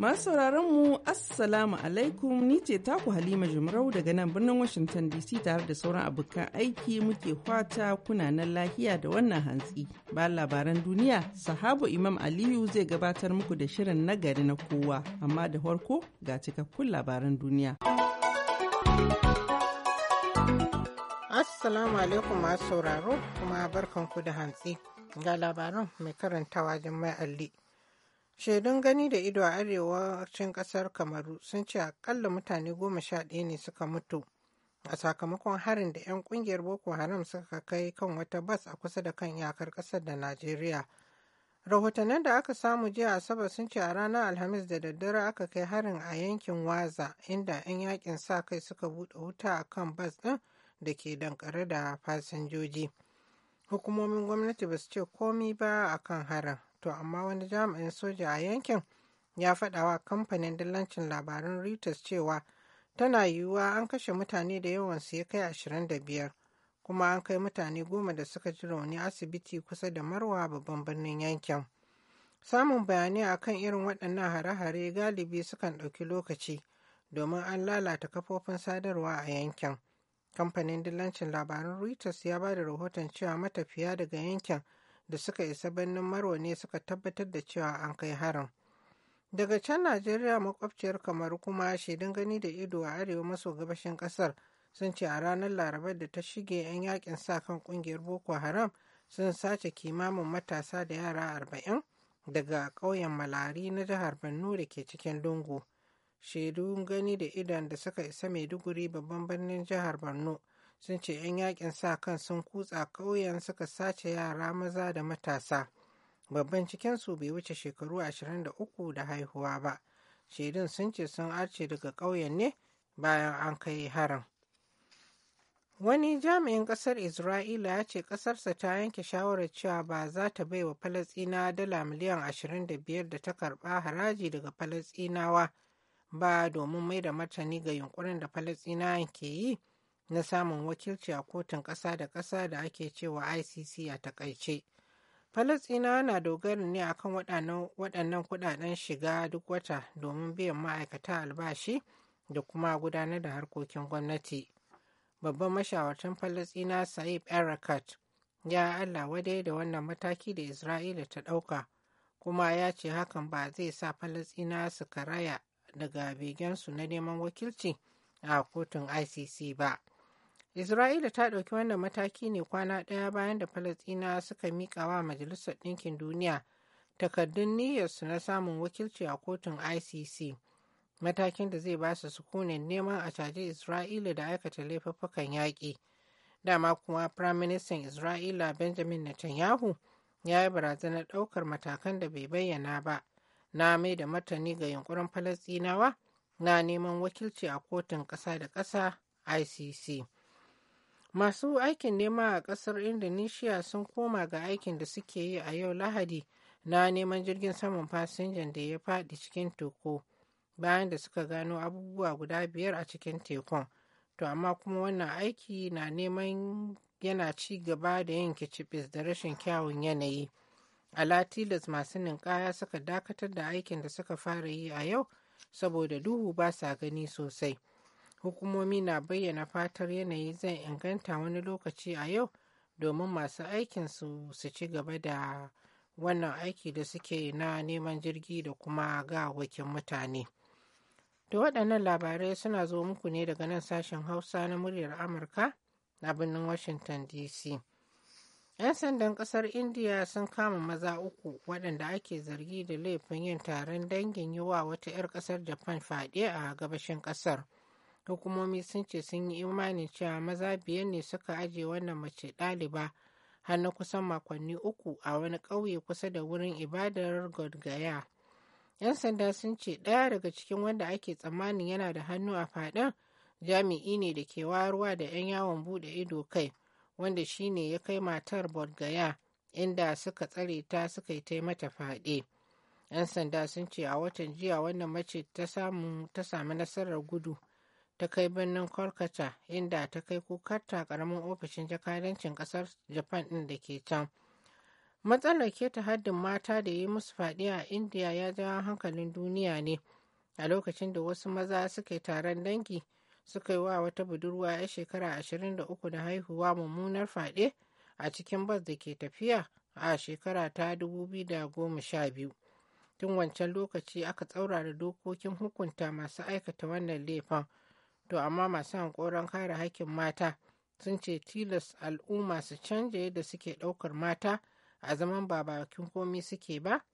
Masu sauraron mu Assalamu alaikum ni ce taku Halima Jumrau daga nan birnin Washington DC tare da sauran abokan aiki muke kwata kuna nan lahiya da wannan hantsi. Ba labaran duniya, sahabu Imam Aliyu zai gabatar muku da shirin nagari na kowa, amma da farko ga cikakkun labaran duniya. Assalamu alaikum masu sauraro kuma barkanku da hantsi. Ga labaran mai karantawa Jummai Ali. Shaidun gani da ido a arewa cin ƙasar Kamaru sun ce akalla mutane goma sha ɗaya ne suka mutu a sakamakon harin da 'yan ƙungiyar Boko Haram suka kai kan wata bas a kusa da kan iyakar ƙasar da Najeriya. Rahotannin da aka samu jiya Asabar sun ce a ranar Alhamis da daddare aka kai harin a yankin Waza inda 'yan yakin sa kai suka buɗe wuta a kan bas ɗin da ke dankare da fasinjoji. Hukumomin gwamnati ba su ce komi ba a kan harin. to amma wani jami'in soja a yankin ya faɗa wa kamfanin dillancin labarun reuters cewa tana yiwuwa an kashe mutane da yawan su ya kai 25 kuma an kai mutane goma da suka ji rauni asibiti kusa da marwa babban birnin yankin samun bayanai akan irin waɗannan hare-hare galibi sukan ɗauki lokaci domin an lalata kafofin sadarwa a yankin kamfanin dillancin labarun reuters ya ba da rahoton cewa matafiya daga yankin da suka isa birnin marwa ne suka tabbatar da cewa an kai harin daga can najeriya makwabciyar kamaru kuma shaidun gani da ido a arewa maso gabashin kasar sun ce a ranar larabar da ta shige 'yan yakin sa kan kungiyar boko haram sun sace kimamin matasa da yara arba'in daga ƙauyen malari na jihar borno da ke cikin lungu shaidun gani da idan da suka isa maiduguri babban birnin jihar borno sun ce 'yan yakin sa kan sun kutsa ƙauyen suka sace yara maza da matasa babban cikinsu bai wuce shekaru 23 da haihuwa ba shaidun sun ce sun arce daga ƙauyen ne bayan an kai harin wani jami'in ƙasar isra'ila ya ce ƙasarsa ta yanke shawarar cewa ba za ta bai wa falasɗina dala miliyan 25 da ta karba haraji daga falasɗinawa ba domin mai da martani ga yunkurin da falasɗinawa ke yi na samun wakilci a kotun ƙasa da ƙasa da ake cewa icc a takaice falasina na dogara ne akan waɗannan kuɗaɗen shiga duk wata domin biyan ma'aikata albashi da kuma gudanar da harkokin gwamnati babban mashawartan falasina saib erakat ya allah wadai da wannan mataki da isra'ila ta ɗauka kuma ya ce hakan ba zai sa falasina su karaya daga begensu na neman wakilci a kotun icc ba Isra'ila ta ɗauki wannan mataki ne kwana ɗaya bayan da Falasɗina suka miƙa wa Majalisar Ɗinkin Duniya takardun niyyarsu na samun wakilci a kotun ICC. Matakin da zai ba su sukunin neman a caji Isra'ila da aikata laifuffukan yaƙi. Dama kuma Firaministan Isra'ila Benjamin Netanyahu ya yi barazanar ɗaukar matakan da bai bayyana ba na mai da martani ga yunƙurin Falasɗinawa na neman wakilci a kotun ƙasa da ƙasa ICC. masu aikin nema a kasar indonesia sun koma ga aikin da suke yi a yau lahadi na neman jirgin saman fasinjan da ya faɗi cikin teku bayan da suka gano abubuwa guda biyar a cikin tekun to amma kuma wannan aiki na neman yana ci gaba da yin kicibis da rashin kyawun yanayi ala tilas masu ninkaya suka dakatar da aikin da suka fara yi a yau saboda duhu ba sa gani sosai hukumomi na bayyana fatar yanayi zai inganta wani lokaci a yau domin masu aikinsu su ci gaba da wannan aiki da suke na neman jirgi da kuma gawakin mutane da waɗannan labarai suna zo muku ne daga nan sashen hausa na muryar amurka na birnin washington dc 'yan sandan ƙasar india sun kama maza uku waɗanda ake zargi da laifin yin taron dangin yi wa wata 'yar ƙasar japan fyaɗe a gabashin ƙasar. hukumomi sun ce sun yi imanin cewa maza biyar ne suka ajiye wannan mace ɗaliba har na kusan makonni uku a wani ƙauye kusa da wurin ibadar godgaya yan sanda sun ce ɗaya daga cikin wanda ake tsammanin yana da hannu a faɗin jami'i ne da ke warwa da 'yan yawon buɗe ido kai wanda shine ya kai matar bodgaya inda suka tsare ta suka yi mata faɗe. 'yan sanda sun ce a watan jiya wannan mace ta samu nasarar gudu ta kai birnin kolkata inda ta kai kukarta karamin ofishin jakadancin kasar japan ɗin da ke can matsalar keta haddin mata da yi musu fadi a indiya ya jawo hankalin duniya ne a lokacin da wasu maza suka taron dangi suka yi wa wata budurwa ya shekara 23 da haihuwa mummunar fade a cikin bas da ke tafiya a shekara ta 2012 tun wancan lokaci aka tsaurara dokokin hukunta masu aikata wannan laifin to amma masu hankoron kare hakkin mata sun ce tilas al'umma su canja yadda suke ɗaukar mata a zaman ba bakin komi suke ba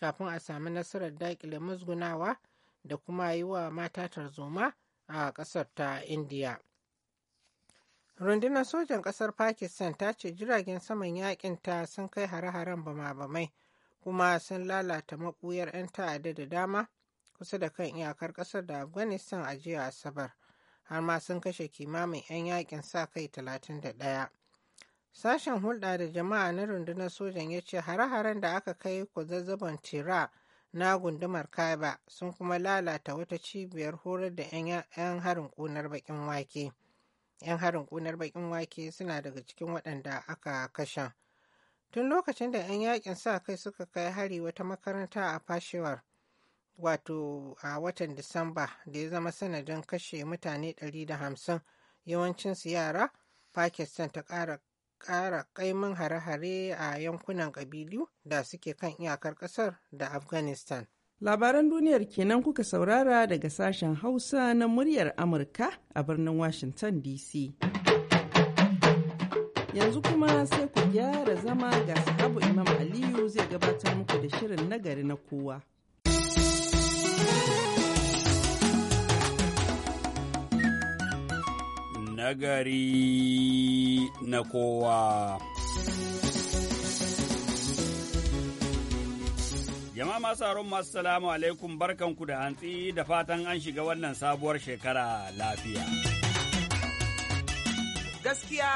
kafin a sami nasarar daƙile musgunawa da kuma yi wa mata tarzoma a ƙasar ta indiya rundunar sojan ƙasar pakistan ta ce jiragen saman yakin ta sun kai hare-haren bama-bamai kuma sun lalata maɓuyar 'yan ta'adda da dama kusa da kan iyakar ƙasar da afghanistan a jiya asabar har ma sun kashe kimamin 'yan yakin sa kai 31. Sashen hulɗa da jama'a na rundunar sojan ya ce hare-haren da aka kai zazzaban tira na gundumar Kaiba sun kuma lalata wata cibiyar horar da 'yan harin ƙunar bakin wake. 'Yan harin ƙunar baƙin wake suna daga cikin waɗanda aka kashe. Tun lokacin da 'yan yakin sa kai suka kai hari wata makaranta a fashewar. wato a watan disamba da ya zama sanadin kashe mutane 150 yawancinsu yara pakistan ta ƙara ƙara ƙaimin hare-hare a yankunan ƙabilu da suke kan iyakar ƙasar da afghanistan labaran duniyar kenan kuka saurara daga sashen hausa na muryar amurka a birnin washington dc yanzu kuma sai ku gyara zama ga sahabu imam aliyu zai gabatar muku da shirin nagari na kowa nagari na kowa. Yama masu haron masu salamu alaikum barkanku da hantsi da fatan an shiga wannan sabuwar shekara lafiya. Gaskiya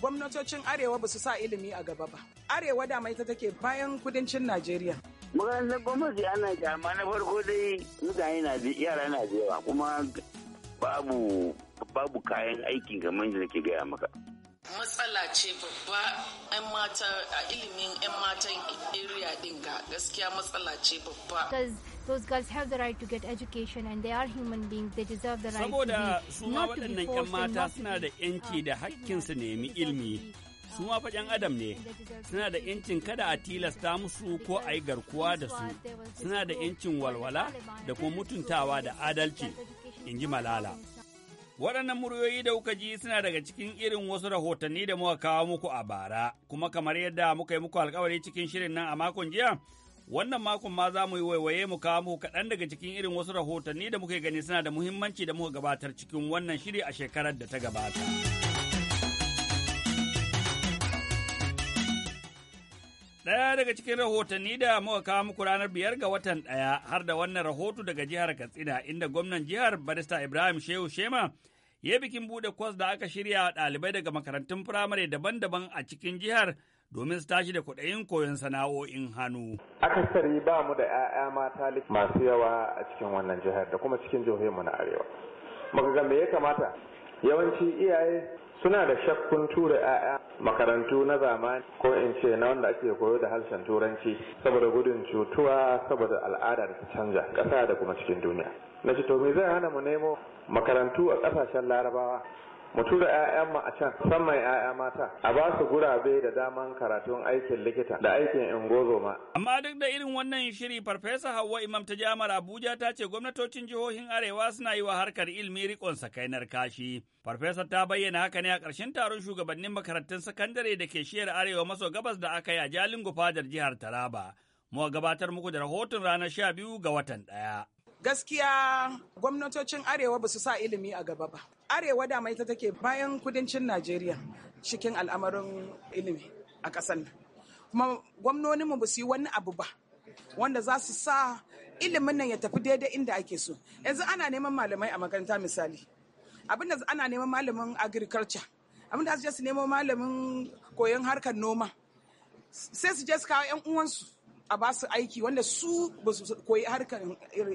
gwamnatocin Arewa ba su sa ilimi a gaba ba. Arewa da mai ta take bayan kudincin Najeriya. Maganar gwamnati ana jama na farko dai mutane na yara na jewa kuma babu babu kayan aikin kamar yadda nake gaya maka matsala ce babba 'yan mata a ilimin 'yan matan area din ga gaskiya matsala ce babba those girls have the right to get education and they are human beings they deserve the right saboda su ma waɗannan 'yan mata suna da 'yanci da hakkin su nemi ilimi su ma fa adam ne suna da yancin kada a tilasta musu ko a yi garkuwa da su suna da yancin walwala da kuma mutuntawa da adalci in ji malala Waɗannan muryoyi da kuka ji suna daga cikin irin wasu rahotanni da muka kawo muku a bara, kuma kamar yadda muka yi muku alkawari cikin shirin nan a makon jiya, wannan makon ma za mu yi waiwaye mu kawo muku kaɗan daga cikin irin wasu rahotanni da muka gani suna da muhimmanci da muka gabatar cikin wannan shiri a shekarar da ta gabata. Ɗaya daga cikin rahotanni da muka kawo muku ranar biyar ga watan ɗaya har da wannan rahoto daga jihar Katsina inda gwamnan jihar Barista Ibrahim Shehu Shema ya bikin buɗe kwas da aka shirya ɗalibai daga makarantun firamare daban-daban a cikin jihar domin su tashi da kuɗayin koyon sana'o'in hannu. Akasari ba mu da 'ya'ya mata masu yawa a cikin wannan jihar da kuma cikin jihohinmu na arewa. Muka ga me ya kamata yawanci iyaye suna da shakkun tura 'ya'ya makarantu na zamani ko in ce na wanda ake koyo da harshen turanci saboda gudun cutuwa saboda al'ada da ta canja ƙasa da kuma cikin duniya na ce to me zai hana mu nemo makarantu a ƙasashen larabawa mu tura 'ya'yan mu a can musamman 'ya'ya mata a ba su gurabe da daman karatun aikin likita da aikin ingozoma. Amma duk da irin wannan shiri farfesa Hauwa Imam ta jami'ar Abuja ta ce gwamnatocin jihohin Arewa suna yi wa harkar ilimi rikon sakainar kashi. Farfesa ta bayyana haka ne a ƙarshen taron shugabannin makarantun sakandare da ke shiyar Arewa maso gabas da aka yi a Jalingo fadar jihar Taraba. Mu gabatar muku da rahoton ranar sha biyu ga watan ɗaya. gaskiya gwamnatocin arewa ba su sa ilimi a gaba ba arewa da ita take bayan kudancin najeriya cikin al'amarin ilimi a kasar nan kuma gwamnonin mu yi wani abu ba wanda za su sa ilimin nan ya tafi daidai inda ake so yanzu ana neman malamai a makaranta misali abinda ana neman malamin agriculture abinda su je su nemo malamin koyon harkar noma sai su je su kawo yan uwansu a ba su aiki wanda su ba su koyi harkar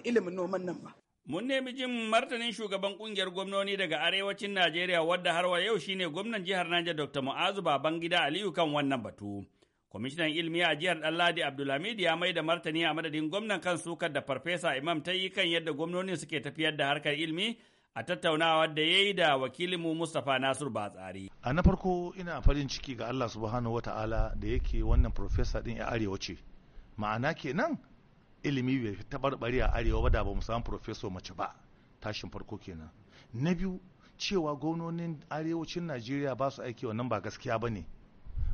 ilimin noman nan ba Mun nemi jin martanin shugaban kungiyar gwamnoni daga arewacin Najeriya wadda harwa wa yau shine gwamnan jihar Niger Dr. Mu'azu Babangida Aliyu kan wannan batu. Kwamishinan ilimi a jihar Danladi Abdulhamid ya mai da martani a madadin gwamnan kan sukar da Farfesa Imam ta yi kan yadda gwamnonin suke tafiyar da harkar ilimi a tattaunawa da ya yi da wakilinmu Mustapha Nasir Batsari. A na farko ina farin ciki ga Allah subhanahu wataala da yake wannan farfesa din ya arewace. ce. Ma'ana kenan ilimi bai fi ɓari a arewa ba da ba mu samu profeso mace ba tashin farko kenan na biyu cewa gwamnonin arewacin najeriya ba su aiki wannan ba gaskiya ba ne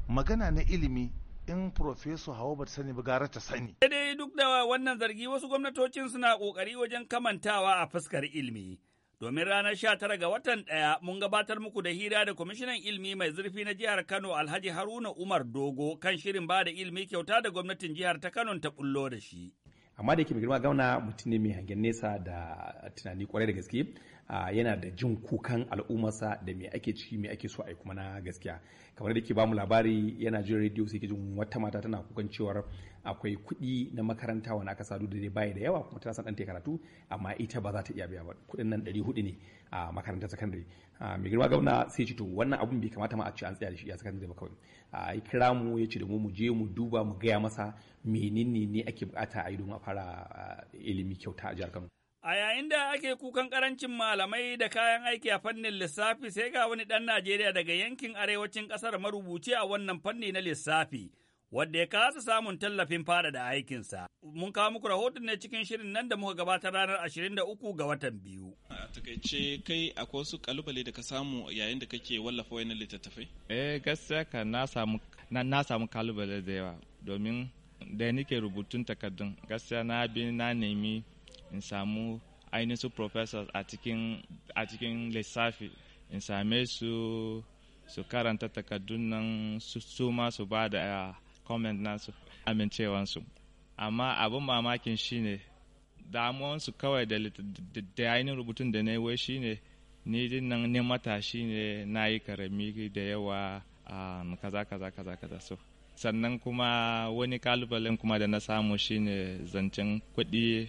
magana na ilimi in Profesor Hawa ba sani ba gara ta sani. Dai duk da wannan zargi wasu gwamnatocin suna kokari wajen kamantawa a fuskar ilimi. Domin ranar sha tara ga watan ɗaya mun gabatar muku da hira da kwamishinan ilimi mai zurfi na jihar Kano Alhaji Haruna Umar Dogo kan shirin ba da ilimi kyauta da gwamnatin jihar ta Kano ta bullo da shi. amma da yake mai girma gauna mutum ne mai hangen nesa da tunani kwarai da gaske yana da jin kukan al'ummarsa da me ake ciki me ake so a yi kuma na gaskiya kamar da ke bamu labari yana jin rediyo sai ke jin wata mata tana kukan cewar akwai kuɗi na makaranta wani aka sadu da dai baya da yawa kuma tana son ɗanta karatu amma ita ba za ta iya biya ba kuɗin nan ɗari hudu ne a makarantar sakandare mai girma gauna sai ce to wannan abun bai kamata ma a ce an tsaya da shi a sakandare ba kawai a kira mu ya ce da mu mu je mu duba mu gaya masa menene ne ake bukata a yi domin a fara ilimi kyauta a jihar Kano A yayin da ake kukan karancin malamai da kayan aiki a fannin lissafi sai ga wani ɗan Najeriya daga yankin arewacin ƙasar marubuci a wannan fanni na lissafi, wadda ya kasa samun tallafin fara da aikinsa. Mun kawo muku rahoton ne cikin shirin nan da muka gabatar ranar 23 ga watan biyu. A takaice kai akwai wasu kalubale da ka samu yayin da kake wallafa wayannan littattafai? Eh gaskiya ka na samu na samu kalubale da yawa domin da nike rubutun takardun gaskiya na bi na nemi in samu ainihin su professors a cikin lissafi in same su su karanta takardun nan su ma su ba da ah, comment nasu amincewansu amma abin mamakin shine damuwansu kawai da ainihin rubutun da na yi wai shine ni din nan ne matashi ne na yi karami da yawa um, kaza kaza kaza kaza so sannan kuma wani kalubalen kuma da na samu shine zancen kuɗi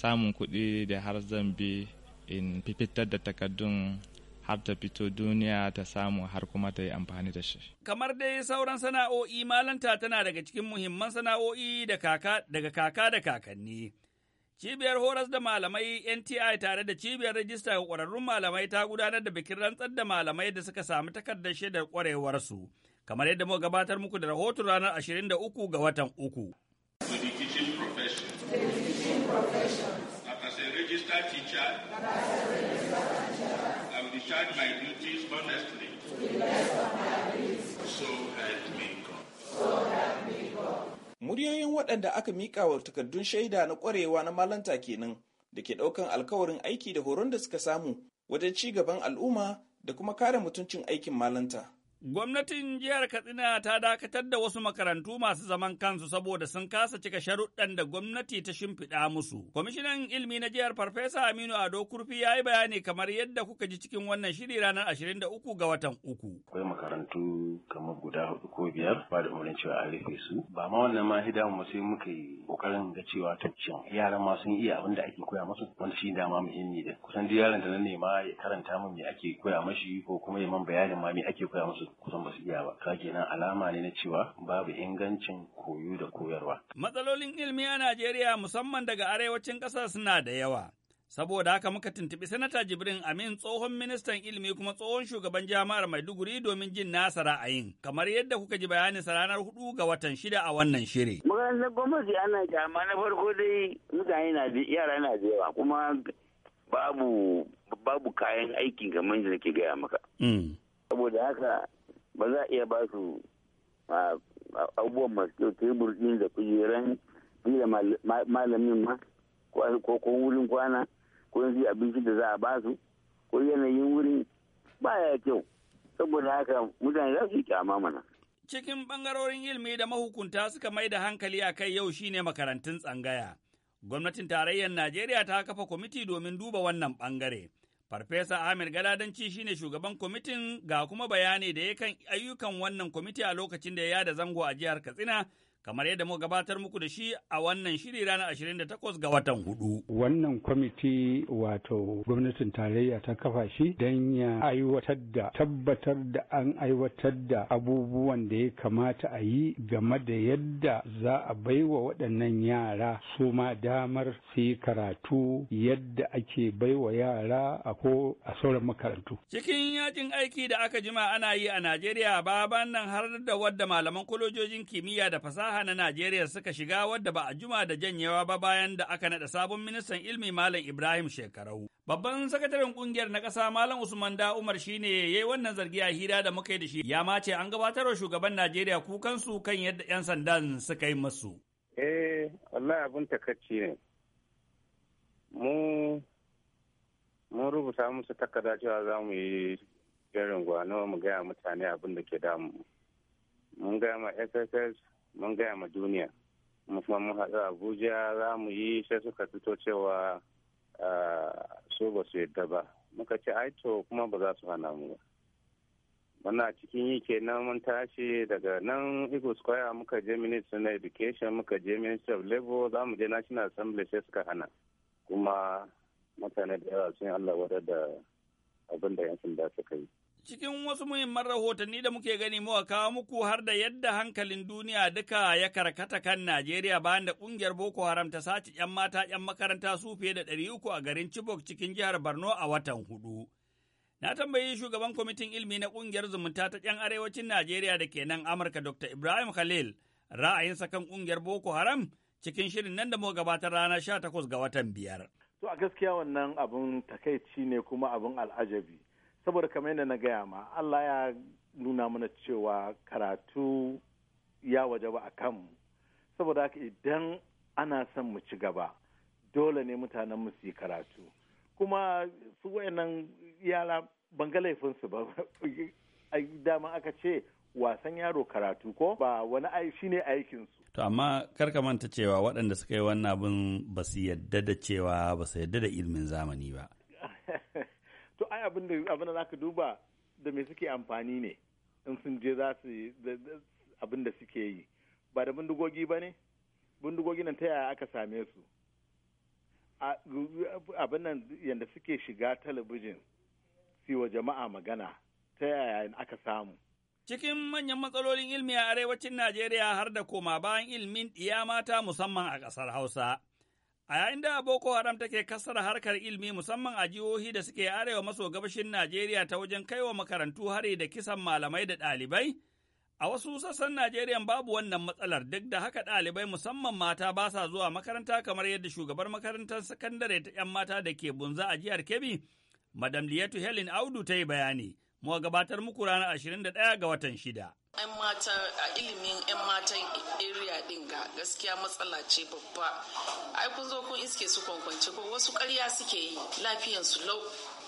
samun kuɗi da har zan bi in fitar da takardun har ta fito duniya ta samu har kuma ta yi amfani da shi. Kamar dai sauran sana'o'i malanta tana daga cikin muhimman sana'o'i daga kaka da kakanni. Cibiyar horas da malamai NTI tare da cibiyar rajista ga ƙwararrun malamai ta gudanar da bikin rantsar da malamai da suka samu takardar shaidar ƙwarewarsu. Kamar yadda muka gabatar muku da rahoton ranar 23 ga watan uku. to the teaching profession. profession. That as a registered teacher, I will discharge my duties honestly. So help me God. So help me God. Muryoyin waɗanda aka miƙa wa takardun shaida na ƙwarewa na malanta kenan da ke ɗaukan alkawarin aiki da horon da suka samu wajen ci gaban al'umma da kuma kare mutuncin aikin malanta. Gwamnatin jihar Katsina ta dakatar da wasu makarantu masu zaman kansu saboda sun kasa cika sharuɗɗan da gwamnati ta shimfiɗa musu. Kwamishinan ilmi na jihar Farfesa Aminu Ado Kurfi ya yi bayani kamar yadda kuka ji cikin wannan shiri ranar 23 ga watan uku. Akwai makarantu kamar guda hudu ko biyar ba da umarnin cewa an rufe su. Ba ma wannan ma hida mu sai muka yi kokarin ga cewa tabbacin yaran ma sun iya abin da ake koya musu wanda shi dama muhimmi da kusan duk yaron da na nema ya karanta mun me ake koya mashi ko kuma ya man bayanin ma me ake koya musu kusan ba su iya ba ka nan alama ne na cewa babu ingancin koyo da koyarwa matsalolin ilimi a Najeriya musamman daga arewacin kasar suna da yawa saboda haka muka tuntuɓi sanata jibrin amin tsohon ministan ilimi kuma tsohon shugaban jami'ar maiduguri domin jin nasa ra'ayin kamar yadda kuka ji bayani sa ranar hudu ga watan shida a wannan shiri. maganar gwamnati ana da amma na farko dai mutane na yara na da yawa kuma babu babu kayan aikin kamar da nake gaya maka. Mm. saboda haka ba za a iya ba su abubuwan masu kyau tebur ɗin da kujeran da malamin ma ko ko wurin kwana ko yanzu abinci da za a ba su ko yanayin wurin baya kyau saboda haka mutane za su yi kyama mana. Cikin ɓangarorin ilimi da mahukunta suka mai da hankali a kai yau shine makarantun tsangaya. Gwamnatin tarayyar Najeriya ta kafa kwamiti domin duba wannan bangare Farfesa Amir Galadanci ne shugaban kwamitin ga kuma bayani da ya kan ayyukan wannan kwamiti a lokacin da ya yada zango a jihar Katsina kamar yadda mu gabatar muku da shi a wannan shiri ranar 28 ga watan hudu. Wannan kwamiti wato gwamnatin tarayya ta kafa shi don ya aiwatar da tabbatar da an aiwatar da abubuwan da ya kamata a yi game da yadda za a bai wa waɗannan yara su ma damar su yi karatu yadda ake baiwa yara a ko a sauran makarantu. Cikin yajin aiki da aka jima ana yi a Najeriya baban nan har da wadda malaman kwalojojin kimiyya da fasaha fasaha na Najeriya suka shiga wadda ba a juma da janyewa ba bayan da aka nada sabon ministan ilmi Malam Ibrahim Shekarau. Babban sakataren kungiyar na kasa Malam Usman da Umar shine yayi wannan zargi a hira da muka yi da shi. Ya mace an gabatar wa shugaban Najeriya su kan yadda 'yan sandan suka yi masu. Eh, wallahi abin takacci ne. Mu mun rubuta musu takarda cewa za mu yi jerin gwano mu gaya mutane abin da ke damu. mun gaya sss mun gaya ma duniya kuma mun haɗu abuja za mu yi sai suka fito cewa ah, so ba su yadda ba muka ci aito kuma ba za su hana mu ba muna cikin yi kenan mun tashi daga nan Igbo Square muka je Ministry na Education muka je Ministry of Labor za mu je National Assembly sai suka hana kuma mutane da yawa sun Allah wadda da abin da yan sanda suka yi. Cikin wasu muhimman rahotanni da muke gani muka kawo muku har da yadda hankalin duniya duka ya karkata kan Najeriya bayan da ƙungiyar Boko Haram ta sace ‘yan mata ‘yan makaranta su fiye da ɗari uku a garin Chibok cikin jihar Borno a watan hudu. Na tambayi shugaban kwamitin ilimi na ƙungiyar zumunta ta ‘yan arewacin Najeriya da ke nan Amurka Dr. Ibrahim Khalil ra'ayinsa kan ƙungiyar Boko Haram cikin shirin nan da muka gabatar ranar 18 ga watan biyar. To a gaskiya wannan abun takaici ne kuma abun al'ajabi. saboda kamar yadda na gaya ma Allah ya nuna mana cewa karatu ya waje ba a kanmu saboda haka idan ana son mu ci gaba dole ne mutanen mu su yi karatu kuma su wayannan yara ban ga laifinsu ba dama aka ce wasan yaro karatu ko ba wani ai shi ne aikinsu. To amma karka manta cewa waɗanda suka yi wannan abin ba su yadda da cewa ba su yadda da ilimin zamani ba. to ai abin da abin da zaka duba da me suke amfani ne in sun je za su abin da suke yi ba da bindigogi ba ne bindigogi nan ta yaya aka same su abin nan yadda suke shiga talabijin siwa jama'a magana ta yaya aka samu Cikin manyan matsalolin ilmi a arewacin Najeriya har da koma bayan ilmin ɗiya mata musamman a ƙasar Hausa. A yayin da Boko Haram take kasar harkar ilmi musamman a jihohi da suke arewa maso gabashin Najeriya ta wajen kaiwa makarantu hari da kisan malamai da ɗalibai, a wasu sassan Najeriya babu wannan matsalar duk da haka ɗalibai musamman mata ba sa zuwa makaranta kamar yadda shugabar makarantar sakandare ta ‘yan mata da ke bunza a jihar Kebbi, Madam Liyatu Helen Audu ta yi bayani. mu gabatar muku ranar 21 ga watan shida. 'yan mata a ilimin 'yan matan area din ga gaskiya matsala ce babba ai kun zo kun iske su kwankwance ko wasu karya suke yi lafiyan su lau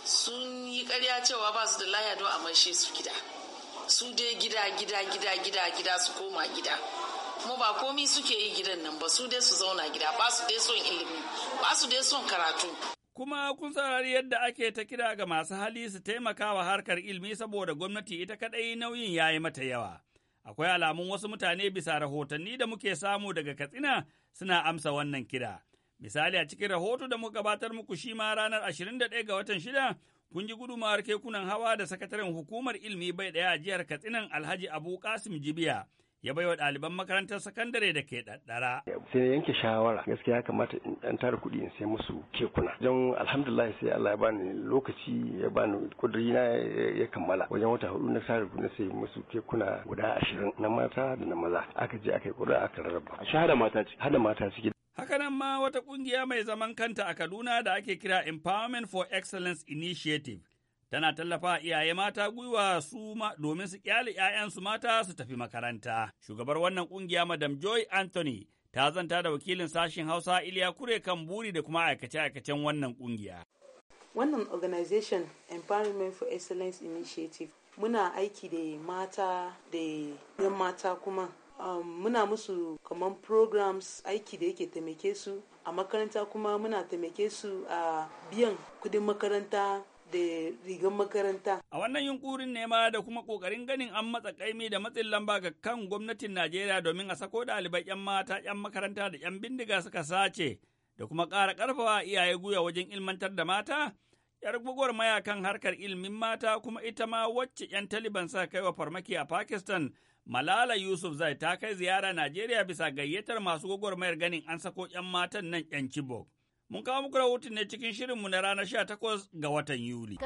sun yi karya cewa ba su da laya don a maishe su gida su dai gida gida gida gida gida su koma gida kuma ba komi suke yi gidan nan ba su dai su zauna gida ba su dai son ilimi ba su dai son karatu kuma kun saurari yadda ake ta kira ga masu hali su taimaka wa harkar ilmi saboda gwamnati ita kaɗai nauyin yayi mata yawa. Akwai alamun wasu mutane bisa rahotanni da muke samu daga Katsina suna amsa wannan kira. Misali a cikin rahoto da muka gabatar muku shi ma ranar 21 ga watan shida kun ji gudumawar kekunan hawa da sakataren hukumar ilmi bai ɗaya a jihar Katsinan Alhaji Abu Kasim Jibiya ya baiwa ɗaliban makarantar sakandare da ke ɗaɗɗara. Sai yanke shawara gaskiya ya kamata in ɗan tara kuɗi in sai musu kekuna. Don alhamdulillah sai Allah ya bani lokaci ya bani kudiri na ya kammala. Wajen wata hudu na tara kuɗi na sai musu kekuna guda ashirin na mata da na maza. Aka je aka yi kuɗi aka rarraba. A shahada mata ciki. Hada mata ciki. Hakanan ma wata ƙungiya mai zaman kanta a Kaduna da ake kira Empowerment for Excellence Initiative tana tallafa iyaye mata gwiwa su ma domin su kyale 'ya'yansu mata su tafi makaranta. Shugabar wannan ƙungiya Madam Joy Anthony ta zanta da wakilin sashen Hausa Iliya Kure kan buri da kuma aikace-aikacen wannan ƙungiya Wannan organization Empowerment for Excellence Initiative muna aiki da mata da 'yan mata kuma um, muna musu kaman programs aiki da yake taimake su a makaranta kuma muna taimake su a uh, biyan kudin makaranta da rigar makaranta. A wannan yunkurin nema da kuma kokarin ganin an matsa kaimi da matsin lamba ga kan gwamnatin Najeriya domin a sako ɗalibai 'yan mata 'yan makaranta da 'yan bindiga suka sace da kuma ƙara ƙarfafa iyaye guya wajen ilmantar da mata. ‘Yar gwagwarmaya kan harkar ilmin mata kuma ita ma wacce ‘yan Taliban sa kai wa farmaki a Pakistan, Malala Yusuf Zai ta kai ziyara Najeriya bisa gayyatar masu gwagwarmayar ganin an sako ‘yan matan nan ‘yan Chibok. Mun kawo muku rahoton ne cikin shirin shirinmu na ranar 18 ga watan Yuli.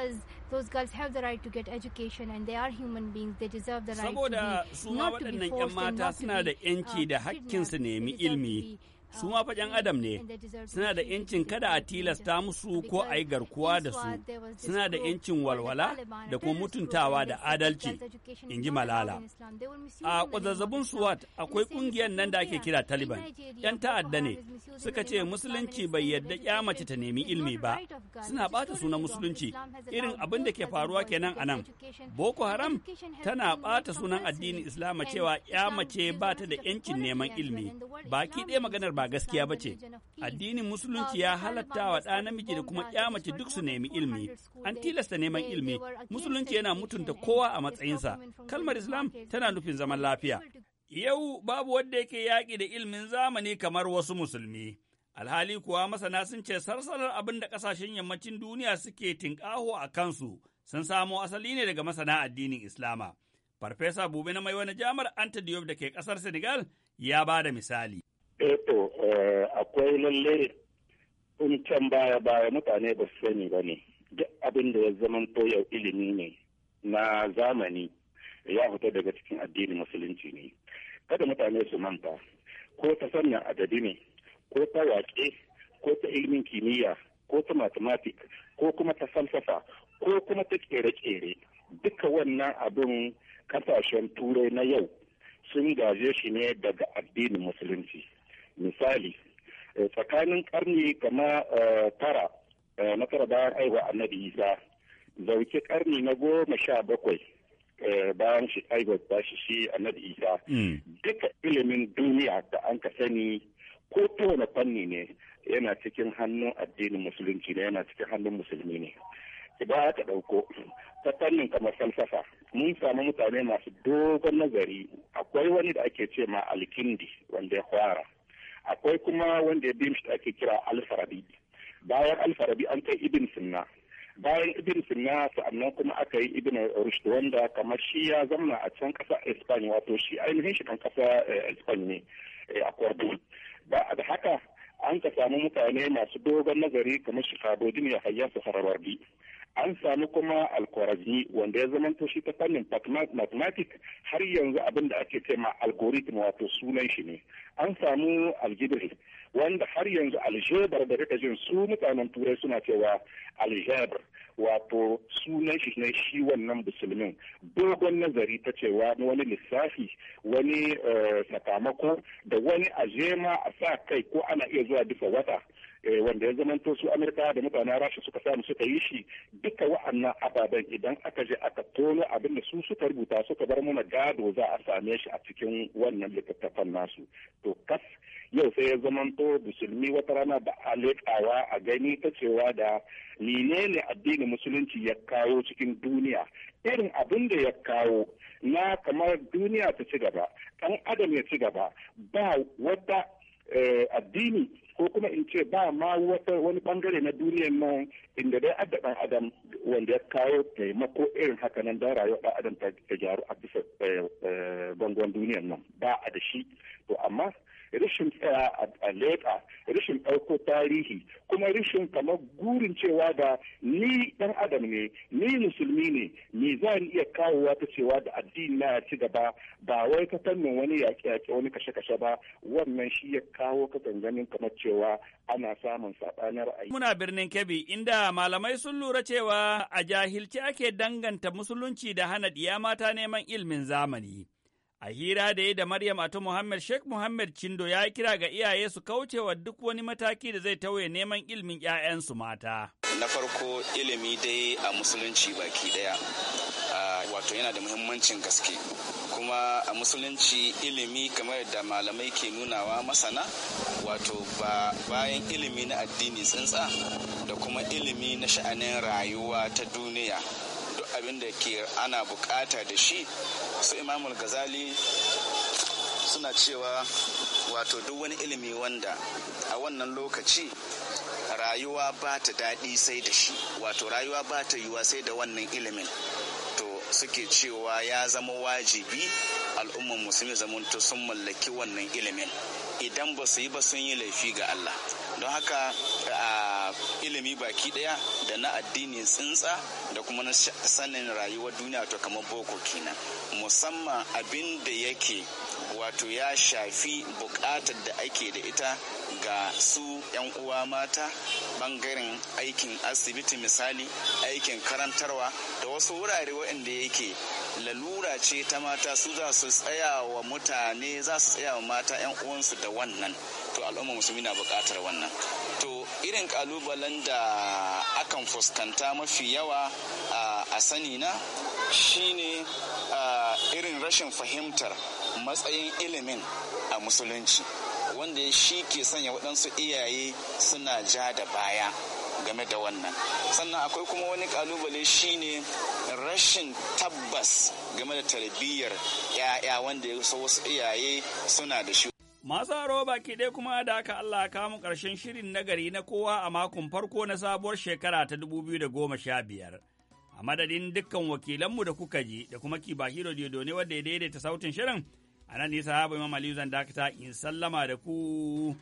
Saboda su waɗannan 'yan mata suna da 'yanci uh, da hakkin su nemi ilmi su ma faɗin adam ne suna da ‘yancin kada a tilasta musu ko a yi garkuwa da su suna da ‘yancin walwala da kuma mutuntawa da adalci in ji malala a kwazazzabin suwat akwai ƙungiyar nan da ake kira taliban ‘yan ta'adda ne suka ce musulunci bai yadda ya mace ta nemi ilimi ba suna ɓata sunan musulunci irin abin da ke faruwa kenan a nan boko haram tana ɓata sunan addinin islama cewa ya mace ba ta da ‘yancin neman ilimi baki ɗaya maganar ba ba gaskiya ba ce. Addinin Musulunci ya halatta wa ɗa namiji da kuma ya mace duk su nemi ilmi An tilasta neman ilmi Musulunci yana mutunta kowa a matsayinsa. Kalmar Islam tana nufin zaman lafiya. Yau babu wanda yake yaƙi da ilmin zamani kamar wasu musulmi. Alhali kuwa masana sun ce sarsalar abin da ƙasashen yammacin duniya suke tinƙaho a kansu sun samo asali ne daga masana addinin Islama. Farfesa Bube na mai wani jamar Antidiyof da ke ƙasar Senegal ya ba da misali. eto eh, eh, akwai lalle in can baya baya mutane ba su sani ba ne duk abin da ya zama yau ilimi ne na zamani ya fita daga cikin addinin musulunci ne kada mutane su manta ko ta sanya adadi ne ko ta waƙe ko ta ilimin kimiyya ko ta mathematic ko kuma ta falsafa ko kuma ta kere-kere duka wannan abin kasashen turai na yau sun gaje shi ne daga addinin musulunci misali eh, tsakanin karni kama eh, tara eh, na tara bayan aiwa annabi isa zauki karni na goma sha bakwai bayan shi aiwa shi shi annabi isa hmm. duka ilimin duniya da an ka sani ko ta fanni ne yana cikin hannun addinin musulunci ne yana cikin hannun musulmi ne ba ta ɗauko ta fannin kamar falsafa mun samu mutane masu dogon nazari akwai wani da ake ce ma alkindi wanda ya fara akwai kuma wanda ya bi shi ake kira alfarabi bayan alfarabi an kai ibn sinna bayan ibn sinna sa'annan kuma aka yi ibin rushd wanda kamar shi ya zamna a can kasa espanya wato shi ainihin shi kan kasa eh, espanya ne eh, a cordoba ba da haka an ka samu mutane masu dogon nazari kamar shi kabodin ya hayyar su harabardi an samu kuma alkorafi wanda ya zama shi ta fannin mathematics har yanzu abin da ake ce algorithm wato sunan shi ne an samu aljibri wanda har yanzu aljabar da rika jin su mutanen turai suna cewa aljabar wato sunan shi ne shi wannan musulmin dogon nazari ta cewa wani lissafi wani eh, sakamako da wani ajema a sa kai ko ana iya zuwa bisa wata Eh, wanda ya zamanto su amurka da mutanen rasha suka samu suka yi shi duka wa'annan ababen idan aka je aka tono abin da su suka rubuta suka bar mana gado za a same shi a cikin wannan littattafan nasu to kas yau sai ya zamanto musulmi wata rana da a leƙawa a gani ta cewa da menene addinin musulunci ya kawo cikin duniya irin abin da ya kawo na kamar duniya ta ci gaba ɗan adam ya ci gaba ba wata eh, addini ko kuma in ce ba ma wata wani bangare na duniyar nan inda dai adda dan adam wanda ya kawo taimako irin haka nan don rayuwar dan adam ta gyaru a bisa eh, eh, bangon duniyar nan ba a da shi to amma rashin tsaya a leƙa rashin ɗauko tarihi kuma rashin kamar gurin cewa da ni dan adam ne ni musulmi ne ni za ni iya kawowa ta cewa da addini na ya ci gaba ba wai ka fannin wani yaƙe-yaƙe wani kashe-kashe ba wannan shi ya kawo ka ganganin kamar cewa ana samun saɓanin ra'ayi. Muna birnin Kebbi inda malamai sun lura cewa a jahilci ake danganta musulunci da hana diya mata neman ilmin zamani. A hira da ya da Maryam atu Muhammad Sheikh Muhammad Chindo ya kira ga iyaye su kaucewa duk wani mataki da zai tauye neman ilmin 'ya'yansu mata. Na farko ilimi dai a musulunci baki daya, wato yana da muhimmancin gaske. kuma a musulunci ilimi kamar da malamai ke nunawa masana wato ba bayan ilimi na addini tsintsa da kuma ilimi na sha'anin rayuwa ta duniya duk abin da ke ana bukata da shi su imamul gazali suna cewa wato duk wani ilimi wanda a wannan lokaci rayuwa ba ta daɗi sai da shi wato rayuwa ba ta yiwa sai da wannan ilimin suke cewa ya zama wajibi al'ummar musulmi zamanta sun mallaki wannan ilimin idan ba su yi ba sun yi laifi ga Allah don haka a ilimi baki daya da na addini tsintsa da kuma na sanin rayuwar duniya to kamar boko kenan musamman abin da yake wato ya shafi bukatar da ake da ita ga su 'yan uwa mata bangaren aikin asibiti misali aikin karantarwa da wasu wurare waɗanda yake lalura ce ta mata su za su tsaya wa mutane za su tsaya wa mata 'yan uwansu da wannan to al'umma musulmi na buƙatar wannan to irin kalubalen da akan fuskanta mafi yawa a sani na shine irin rashin fahimtar matsayin ilimin a musulunci wanda shi ke sanya waɗansu iyaye suna ja da baya game da wannan sannan akwai kuma wani kalubale shine rashin tabbas game da tarbiyyar 'ya'ya wanda ya wasu iyaye suna da shi Masu haro baki ɗaya kuma da aka Allah kamun ƙarshen shirin nagari na kowa a makon farko na sabuwar shekara ta 2015. A madadin dukkan wakilanmu da kuka ji da kuma kibahiro ne wadda ya daidaita sautin shirin A nan nisa habu Imam Aliyu zan dakata in sallama da ku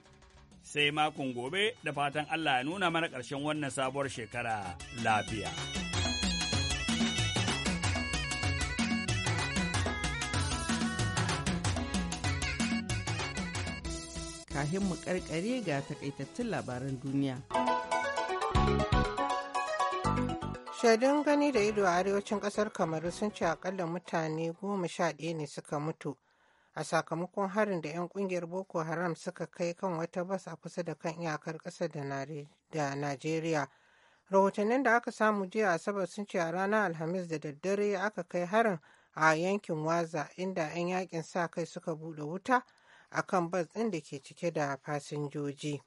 sai makon gobe da fatan Allah ya nuna mana ƙarshen wannan sabuwar shekara lafiya. Kahin mu karkare ga takaitattun labaran duniya. Shaidun gani da ido a arewacin ƙasar Kamaru sun ce akalla mutane goma sha ɗaya ne suka mutu. a sakamakon harin da 'yan kungiyar boko haram suka kai kan wata bas a kusa da kan iyakar ƙasa da najeriya rahotannin da aka samu jiya asabar sun ce a ranar alhamis da daddare aka kai harin a yankin waza inda 'yan yakin sa kai suka buɗe wuta a kan bas ɗin da ke cike da fasinjoji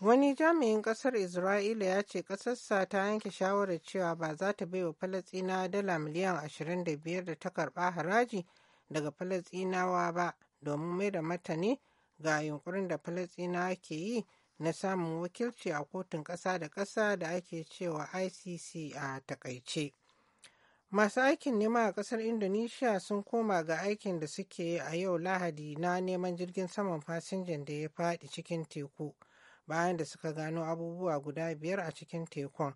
wani jami'in ƙasar isra'ila ya ce ƙasarsa ta yanke shawarar cewa ba za ta bai baiwa falastina dala miliyan 25 da ta karɓa haraji daga falasinawa ba domin mai da matane ga yunkurin da falasinawa ke yi na samun wakilci a kotun ƙasa da ƙasa da ake cewa icc a takaice masu aikin nema a ƙasar indonesia sun koma ga aikin da suke a yau lahadi na neman jirgin saman fasinjan da ya faɗi cikin teku bayan da suka gano abubuwa guda biyar a cikin tekun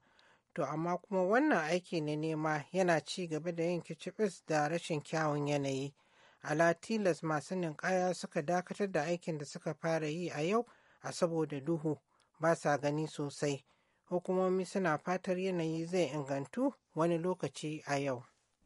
to amma kuma wannan aiki na nema yana ci gaba da yin kicibis da rashin kyawun yanayi ala tilas masu ninkaya suka dakatar da aikin da suka fara yi a yau a saboda duhu ba sa gani sosai hukumomi suna fatar yanayi zai ingantu wani lokaci a yau